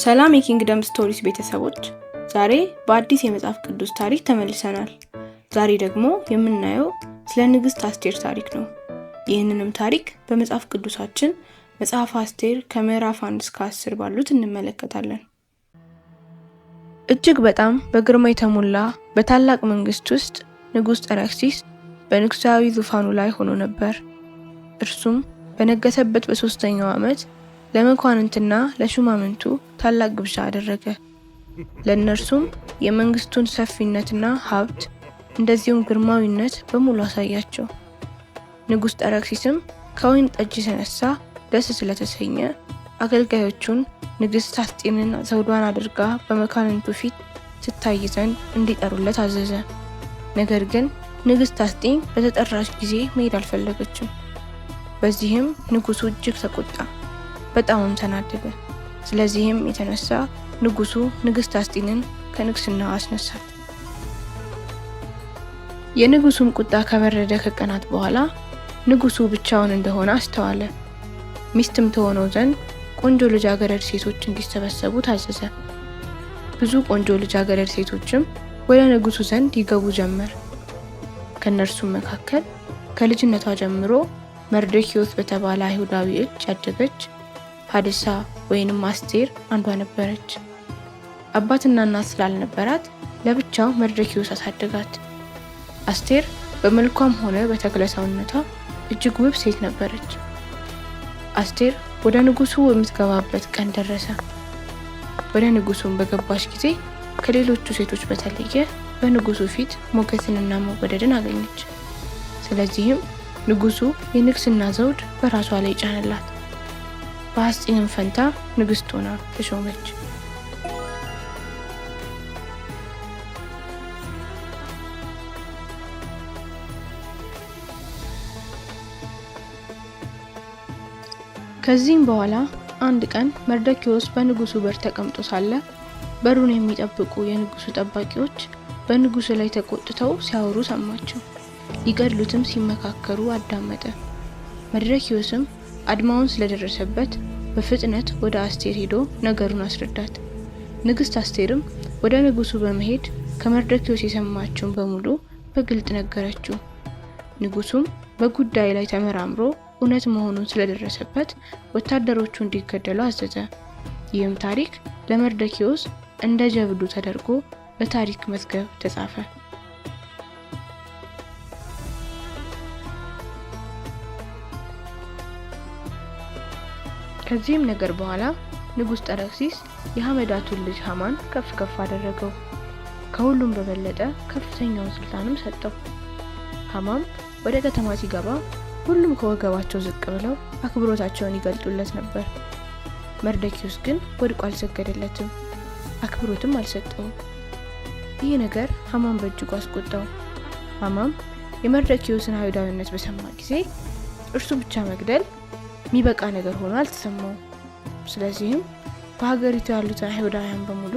ሰላም የኪንግደም ስቶሪስ ቤተሰቦች፣ ዛሬ በአዲስ የመጽሐፍ ቅዱስ ታሪክ ተመልሰናል። ዛሬ ደግሞ የምናየው ስለ ንግሥት አስቴር ታሪክ ነው። ይህንንም ታሪክ በመጽሐፍ ቅዱሳችን መጽሐፍ አስቴር ከምዕራፍ አንድ እስከ አስር ባሉት እንመለከታለን። እጅግ በጣም በግርማ የተሞላ በታላቅ መንግስት ውስጥ ንጉሥ ጠረክሲስ በንጉሳዊ ዙፋኑ ላይ ሆኖ ነበር። እርሱም በነገሰበት በሦስተኛው ዓመት ለመኳንንትና ለሹማምንቱ ታላቅ ግብዣ አደረገ። ለእነርሱም የመንግስቱን ሰፊነትና ሀብት እንደዚሁም ግርማዊነት በሙሉ አሳያቸው። ንጉሥ ጠረክሲስም ከወይን ጠጅ የተነሳ ደስ ስለተሰኘ አገልጋዮቹን ንግሥት አስጢንን ዘውዷን አድርጋ በመኳንንቱ ፊት ትታይ ዘንድ እንዲጠሩለት አዘዘ። ነገር ግን ንግሥት አስጢን በተጠራች ጊዜ መሄድ አልፈለገችም። በዚህም ንጉሱ እጅግ ተቆጣ። በጣምም ተናደደ። ስለዚህም የተነሳ ንጉሱ ንግስት አስጢንን ከንግስና አስነሳት። የንጉሱም ቁጣ ከበረደ ከቀናት በኋላ ንጉሱ ብቻውን እንደሆነ አስተዋለ። ሚስትም ተሆነው ዘንድ ቆንጆ ልጃገረድ ሴቶች እንዲሰበሰቡ ታዘዘ። ብዙ ቆንጆ ልጃገረድ ሴቶችም ወደ ንጉሱ ዘንድ ይገቡ ጀመር። ከእነርሱም መካከል ከልጅነቷ ጀምሮ መርዶኪዮስ በተባለ አይሁዳዊ እጅ ያደገች ሀዲሳ ወይንም አስቴር አንዷ ነበረች። አባትና እናት ስላልነበራት ለብቻው ይውስ አሳደጋት። አስቴር በመልኳም ሆነ በተክለ ሰውነቷ እጅግ ውብ ሴት ነበረች። አስቴር ወደ ንጉሱ የምትገባበት ቀን ደረሰ። ወደ ንጉሱም በገባች ጊዜ ከሌሎቹ ሴቶች በተለየ በንጉሱ ፊት ሞገትንና መወደድን አገኘች። ስለዚህም ንጉሱ የንግስና ዘውድ በራሷ ላይ ጫነላት። በአስጢንም ፈንታ ንግስት ሆና ተሾመች። ከዚህም በኋላ አንድ ቀን መርደኪዎስ በንጉሱ በር ተቀምጦ ሳለ በሩን የሚጠብቁ የንጉሱ ጠባቂዎች በንጉሱ ላይ ተቆጥተው ሲያወሩ ሰማቸው። ሊገድሉትም ሲመካከሩ አዳመጠ። መርደኪዎስም አድማውን ስለደረሰበት በፍጥነት ወደ አስቴር ሄዶ ነገሩን አስረዳት። ንግስት አስቴርም ወደ ንጉሱ በመሄድ ከመርደኪዮስ የሰማችውን በሙሉ በግልጥ ነገረችው። ንጉሱም በጉዳይ ላይ ተመራምሮ እውነት መሆኑን ስለደረሰበት ወታደሮቹ እንዲገደሉ አዘዘ። ይህም ታሪክ ለመርደኪዎስ እንደ ጀብዱ ተደርጎ በታሪክ መዝገብ ተጻፈ። ከዚህም ነገር በኋላ ንጉሥ ጠረክሲስ የሐመዳቱን ልጅ ሐማን ከፍ ከፍ አደረገው። ከሁሉም በበለጠ ከፍተኛውን ስልጣንም ሰጠው። ሐማም ወደ ከተማ ሲገባ ሁሉም ከወገባቸው ዝቅ ብለው አክብሮታቸውን ይገልጡለት ነበር። መርደኪዎስ ግን ወድቆ አልሰገደለትም፣ አክብሮትም አልሰጠውም። ይህ ነገር ሐማን በእጅጉ አስቆጣው። ሀማም የመርደኪዎስን አይሁዳዊነት በሰማ ጊዜ እርሱ ብቻ መግደል የሚበቃ ነገር ሆኖ አልተሰማውም። ስለዚህም በሀገሪቱ ያሉትን አይሁዳውያን በሙሉ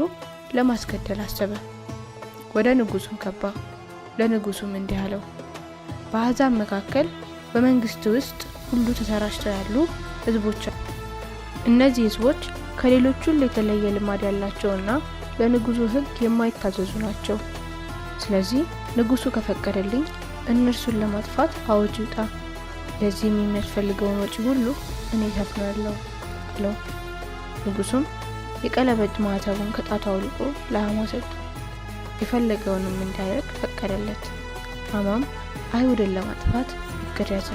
ለማስገደል አሰበ። ወደ ንጉሱም ከባ ለንጉሱም እንዲህ አለው፣ በአዛብ መካከል በመንግስት ውስጥ ሁሉ ተሰራጭተው ያሉ ህዝቦች እነዚህ ህዝቦች ከሌሎች ሁሉ የተለየ ልማድ ያላቸውና ለንጉሱ ህግ የማይታዘዙ ናቸው። ስለዚህ ንጉሱ ከፈቀደልኝ እነርሱን ለማጥፋት አወጅ ይውጣ። ለዚህ የሚያስፈልገውን ወጪ ሁሉ እኔ እሸፍናለሁ ብለው ንጉሱም የቀለበት ማዕተቡን ከጣቱ አውልቆ ለሐማ ሰጡ። የፈለገውንም እንዳያደርግ ፈቀደለት። ሃማም አይሁድን ለማጥፋት እቅድ ያዘ።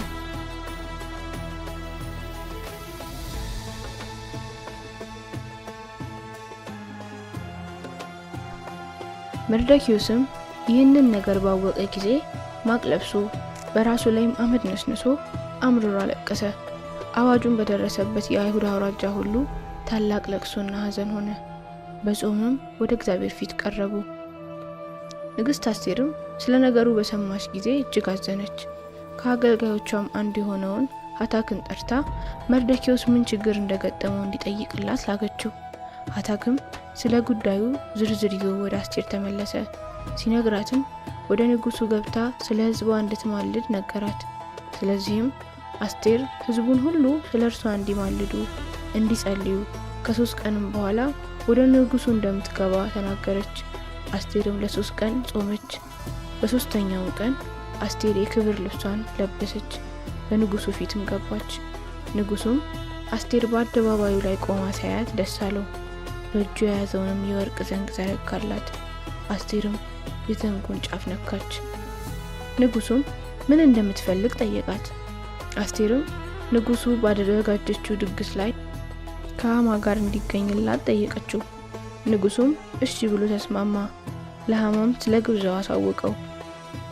መርዶኪዮስም ይህንን ነገር ባወቀ ጊዜ ማቅለብሱ። በራሱ ላይም አመድ ነስንሶ አምርሮ አለቀሰ። አዋጁን በደረሰበት የአይሁድ አውራጃ ሁሉ ታላቅ ለቅሶና ሐዘን ሆነ። በጾምም ወደ እግዚአብሔር ፊት ቀረቡ። ንግሥት አስቴርም ስለ ነገሩ በሰማች ጊዜ እጅግ አዘነች። ከአገልጋዮቿም አንዱ የሆነውን ሀታክን ጠርታ መርደኪዎስ ምን ችግር እንደገጠመው እንዲጠይቅላት ላገችው? ሀታክም ስለ ጉዳዩ ዝርዝር ይዞ ወደ አስቴር ተመለሰ። ሲነግራትም ወደ ንጉሱ ገብታ ስለ ህዝቧ እንድትማልድ ነገራት። ስለዚህም አስቴር ህዝቡን ሁሉ ስለ እርሷ እንዲማልዱ እንዲጸልዩ፣ ከሶስት ቀንም በኋላ ወደ ንጉሱ እንደምትገባ ተናገረች። አስቴርም ለሶስት ቀን ጾመች። በሶስተኛው ቀን አስቴር የክብር ልብሷን ለበሰች፣ በንጉሱ ፊትም ገባች። ንጉሱም አስቴር በአደባባዩ ላይ ቆማ ሳያት ደስ አለው። በእጁ የያዘውንም የወርቅ ዘንግ ዘረጋላት። አስቴርም የዘንጉን ጫፍ ነካች። ንጉሱም ምን እንደምትፈልግ ጠየቃት። አስቴርም ንጉሱ ባደረጋጀችው ድግስ ላይ ከሃማ ጋር እንዲገኝላት ጠየቀችው። ንጉሱም እሺ ብሎ ተስማማ። ለሃማም ስለ ግብዣው አሳወቀው።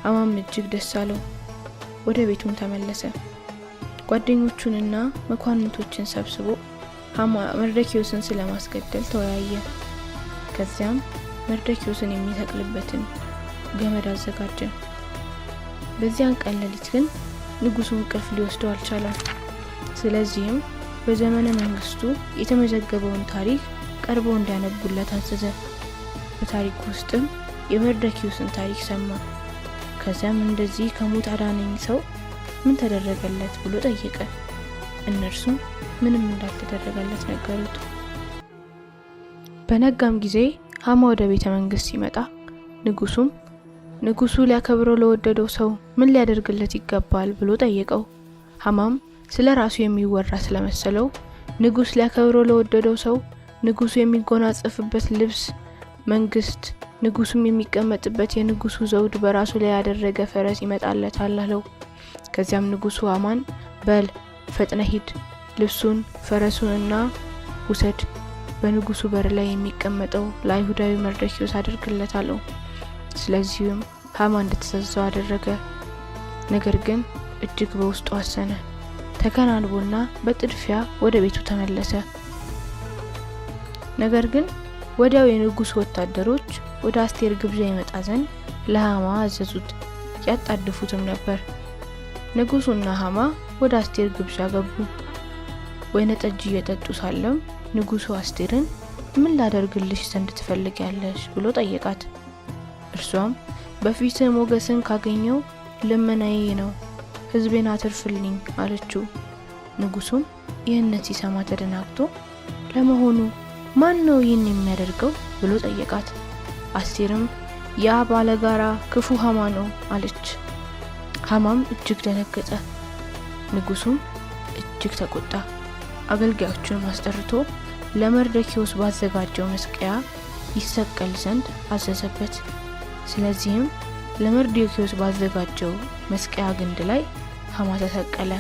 ሃማም እጅግ ደስ አለው። ወደ ቤቱም ተመለሰ። ጓደኞቹንና መኳንንቶችን ሰብስቦ ሃማ መርደኪዮስን ስለማስገደል ተወያየ። ከዚያም መርደኪዎስን የሚሰቅልበትን ገመድ አዘጋጀ። በዚያን ቀን ሌሊት ግን ንጉሱ እንቅልፍ ሊወስደው አልቻለም። ስለዚህም በዘመነ መንግስቱ የተመዘገበውን ታሪክ ቀርበው እንዲያነቡለት አዘዘ። በታሪክ ውስጥም የመርደኪዎስን ታሪክ ሰማ። ከዚያም እንደዚህ ከሞት አዳነኝ ሰው ምን ተደረገለት ብሎ ጠየቀ። እነርሱም ምንም እንዳልተደረገለት ነገሩት። በነጋም ጊዜ ሀማ ወደ ቤተ መንግስት ሲመጣ ንጉሱም ንጉሱ ሊያከብረው ለወደደው ሰው ምን ሊያደርግለት ይገባል ብሎ ጠየቀው። ሀማም ስለ ራሱ የሚወራ ስለመሰለው ንጉስ ሊያከብረው ለወደደው ሰው ንጉሱ የሚጎናጸፍበት ልብስ መንግስት፣ ንጉሱም የሚቀመጥበት የንጉሱ ዘውድ በራሱ ላይ ያደረገ ፈረስ ይመጣለታል አለው። ከዚያም ንጉሱ ሀማን በል ፈጥነ ሂድ፣ ልብሱን ፈረሱንና ውሰድ በንጉሱ በር ላይ የሚቀመጠው ለአይሁዳዊ መርዶኪዎስ አድርግለት አለው። ስለዚሁም ሀማ እንደተዘዘው አደረገ። ነገር ግን እጅግ በውስጡ አሰነ ተከናንቦና በጥድፊያ ወደ ቤቱ ተመለሰ። ነገር ግን ወዲያው የንጉሱ ወታደሮች ወደ አስቴር ግብዣ ይመጣ ዘንድ ለሀማ አዘዙት፣ ያጣድፉትም ነበር። ንጉሱና ሀማ ወደ አስቴር ግብዣ ገቡ። ወይነ ጠጅ እየጠጡ ሳለም ንጉሱ አስቴርን ምን ላደርግልሽ ዘንድ ትፈልጊያለሽ ብሎ ጠየቃት። እርሷም በፊት ሞገስን ካገኘው ልመናዬ ነው፣ ህዝቤን አትርፍልኝ አለችው። ንጉሱም ይህንን ሲሰማ ተደናግቶ ለመሆኑ ማን ነው ይህን የሚያደርገው ብሎ ጠየቃት። አስቴርም ያ ባለጋራ ክፉ ሀማ ነው አለች። ሀማም እጅግ ደነገጠ። ንጉሱም እጅግ ተቆጣ። አገልጋዮቹን አስጠርቶ ለመርደኪዎስ ባዘጋጀው መስቀያ ይሰቀል ዘንድ አዘዘበት። ስለዚህም ለመርዶኪዎስ ባዘጋጀው መስቀያ ግንድ ላይ ሐማ ተሰቀለ።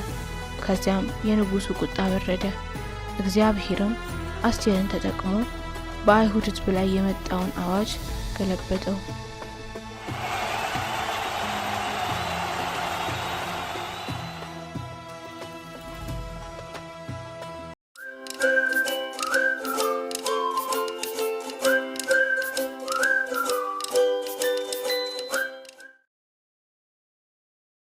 ከዚያም የንጉሱ ቁጣ በረደ። እግዚአብሔርም አስቴርን ተጠቅሞ በአይሁድ ህዝብ ላይ የመጣውን አዋጅ ገለበጠው።